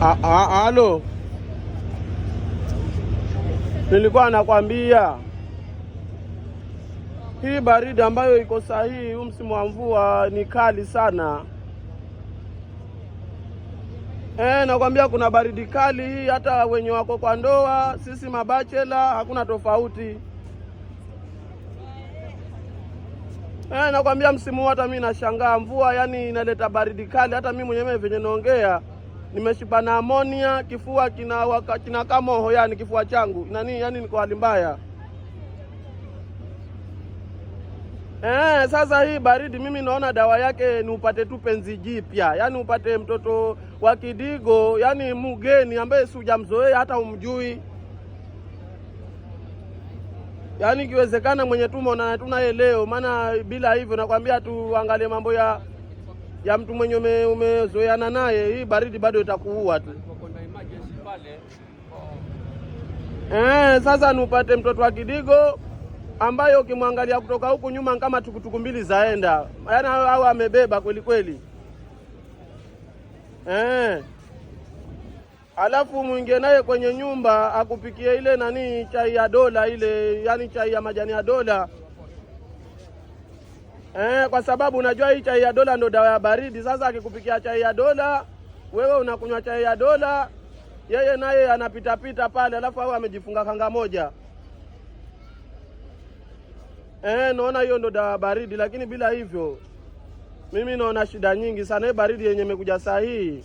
Ah, ah, ah, alo nilikuwa nakwambia hii baridi ambayo iko sahihi huu msimu wa mvua ni kali sana. E, nakwambia kuna baridi kali hii, hata wenye wako kwa ndoa, sisi mabachela hakuna tofauti. E, nakwambia msimu huu hata mi nashangaa mvua, yani inaleta baridi kali, hata mi mwenyewe venye naongea nimeshiba na amonia, kifua kina kina kamoho, yani kifua changu nani, yani niko hali mbaya eh. Sasa hii baridi mimi naona dawa yake ni upate tu penzi jipya, yani upate mtoto wa kidigo, yani mgeni ambaye si hujamzoea hata umjui yaani ikiwezekana mwenye tumo na tunaye leo, maana bila hivyo nakwambia tuangalie mambo ya ya mtu mwenye umezoeana naye, hii baridi bado itakuua tu. Eh, sasa nupate mtoto wa kidigo ambayo ukimwangalia kutoka huku nyuma kama tukutuku mbili zaenda, yaani au amebeba kweli kweli. Eh, alafu mwingie naye kwenye nyumba akupikie ile nani chai ya dola ile, yaani chai ya majani ya dola Eh, kwa sababu unajua hii chai ya dola ndo dawa ya baridi. Sasa akikupikia chai ya dola, wewe unakunywa chai ya dola, yeye naye anapitapita pale, alafu awe amejifunga kanga moja. Eh, naona hiyo ndo dawa ya baridi, lakini bila hivyo mimi naona shida nyingi sana. Hii baridi yenye imekuja saa hii,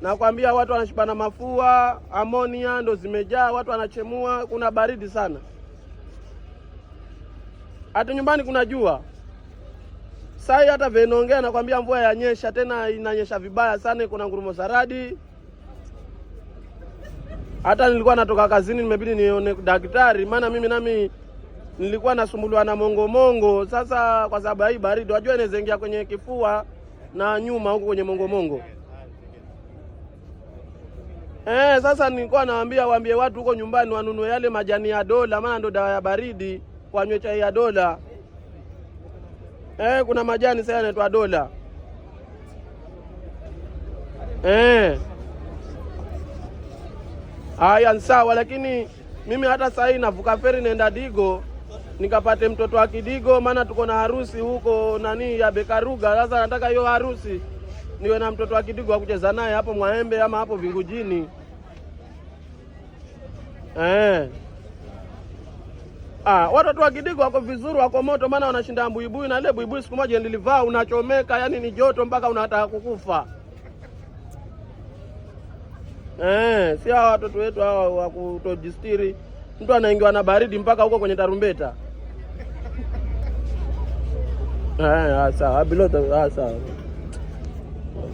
nakwambia watu wanashiba na mafua, amonia ndo zimejaa, watu wanachemua, kuna baridi sana. Hata nyumbani kuna jua Saa hii hata venongea nakwambia, mvua yanyesha, tena inanyesha vibaya sana, kuna ngurumo saradi. Hata nilikuwa natoka kazini, nimebidi nione daktari, maana mimi nami nilikuwa nasumbuliwa na mongomongo. Sasa kwa sababu ya hii baridi, wajua inaweza ingia kwenye kifua na nyuma huko kwenye mongomongo. Eh, sasa nilikuwa nawaambia waambie watu huko nyumbani wanunue yale majani ya dola, maana ndo dawa ya baridi, wanywe chai ya dola eh, kuna majani sasa yanaitwa dola eh. Haya nsawa sawa, lakini mimi hata saa hii navuka feri naenda Digo nikapate mtoto wa Kidigo, maana tuko na harusi huko nani ya Bekaruga. Sasa nataka hiyo harusi niwe na mtoto wa Kidigo kucheza naye hapo Mwaembe ama hapo Vingujini eh. Ah, watoto wa Kidigo wako vizuri, wako moto, maana wanashinda buibui na ile buibui siku moja nilivaa, unachomeka, yani ni joto mpaka unataka kukufa. Eh, si hawa watoto wetu hawa wa kutojistiri, mtu anaingiwa na baridi mpaka huko kwenye tarumbeta. Eh, ah, sawa, ah, bila ah, sawa.